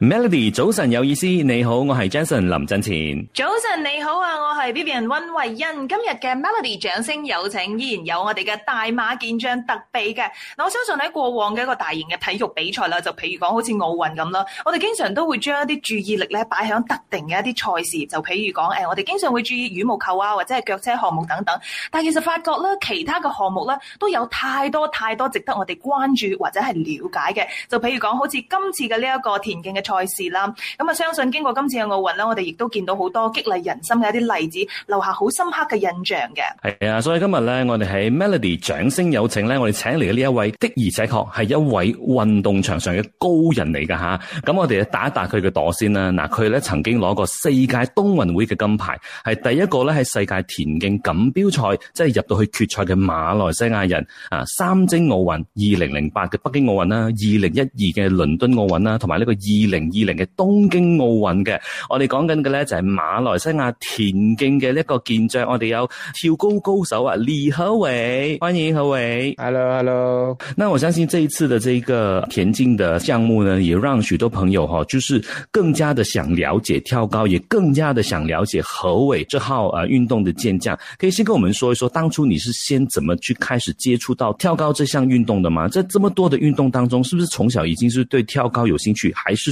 Melody，早晨有意思，你好，我係 Jason 林振前。早晨你好啊，我係 Vivian 溫慧欣。今日嘅 Melody 掌聲有請，依然有我哋嘅大馬健將特備嘅。嗱，我相信喺過往嘅一個大型嘅體育比賽啦，就譬如講好似奧運咁啦，我哋經常都會將一啲注意力咧擺響特定嘅一啲賽事，就譬如講誒，我哋經常會注意羽毛球啊或者係腳車項目等等。但其實發覺咧，其他嘅項目咧都有太多太多值得我哋關注或者係了解嘅。就譬如講好似今次嘅呢一個田徑嘅。賽事啦，咁啊相信經過今次嘅奧運咧，我哋亦都見到好多激勵人心嘅一啲例子，留下好深刻嘅印象嘅。係啊，所以今日咧，我哋喺 Melody 掌聲有請咧，我哋請嚟嘅呢一位的而且確係一位運動場上嘅高人嚟噶吓。咁我哋啊打一打佢嘅朵先啦。嗱，佢咧曾經攞過世界冬運會嘅金牌，係第一個咧喺世界田徑錦標賽即係入到去決賽嘅馬來西亞人。啊，三征奧運，二零零八嘅北京奧運啦，二零一二嘅倫敦奧運啦，同埋呢個二。零二零嘅東京奧運嘅，我哋講緊嘅咧就係馬來西亞田徑嘅一個健將，我哋有跳高高手啊，李何偉，歡迎何偉。Hello，Hello。那我相信這一次的這個田徑的項目呢，也讓許多朋友哈，就是更加的想了解跳高，也更加的想了解何偉這號啊運動的健將。可以先跟我們說一說，當初你是先怎麼去開始接觸到跳高這項運動的嗎？在這麼多的運動當中，是不是從小已經是對跳高有興趣，還是？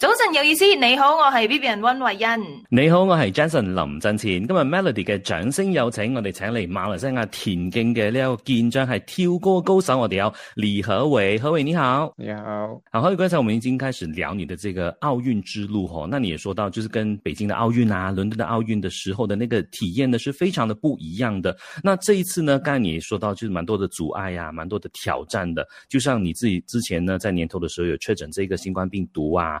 早晨有意思，你好，我係 Vivian 溫慧恩。你好，我是 Jason 林振前。今日 Melody 嘅掌聲有請，我哋請嚟馬來西亞田徑嘅呢個健將係跳高高手，我哋有李何偉，何偉你好，你好。好，何偉剛才我們已經開始聊你的這個奧運之路嗬，那你也說到，就是跟北京的奧運啊、倫敦的奧運的時候的那個體驗呢，是非常的不一樣的。那這一次呢，剛才你也說到，就是蠻多的阻礙啊，蠻多的挑戰的。就像你自己之前呢，在年頭的時候有確診這個新冠病毒啊。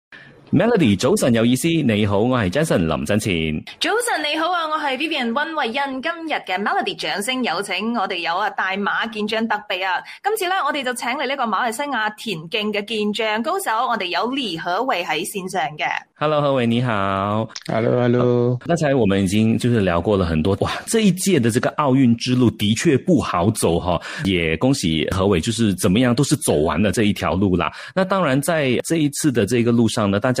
Melody 早晨有意思，你好，我係 Jason 林振前。早晨你好啊，我係 Vivian 溫慧欣。今日嘅 Melody 掌聲有請，我哋有啊大馬健將特備啊。今次呢，我哋就請嚟呢個馬來西亞田徑嘅健將高手，我哋有李可偉喺綫上嘅。Hello 何偉你好，Hello Hello。啊，剛才我們已經就是聊過了很多，哇，這一屆的這個奧運之路的確不好走，也恭喜何偉，就是怎麼樣都是走完了這一條路啦。那當然，在這一次的這個路上呢，大家。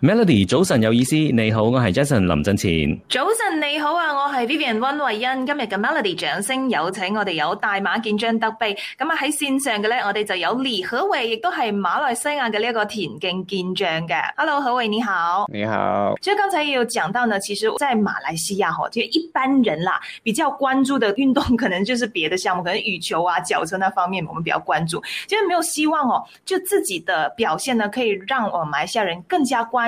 Melody，早晨有意思，你好，我係 Jason 林振前。早晨你好啊，我係 Vivian 溫慧欣。今日嘅 Melody 掌聲有請我哋有大馬健將特備，咁啊喺線上嘅咧，我哋就有李可偉，亦都係馬來西亞嘅呢一個田徑健將嘅。Hello，可偉你好，你好。其實剛才也有講到呢，其實在馬來西亞即係一般人啦、啊，比較關注的運動可能就是別的項目，可能羽球啊、轎車那方面，我們比較關注，就係沒有希望哦、啊，就自己的表現呢，可以讓我馬來西亞人更加關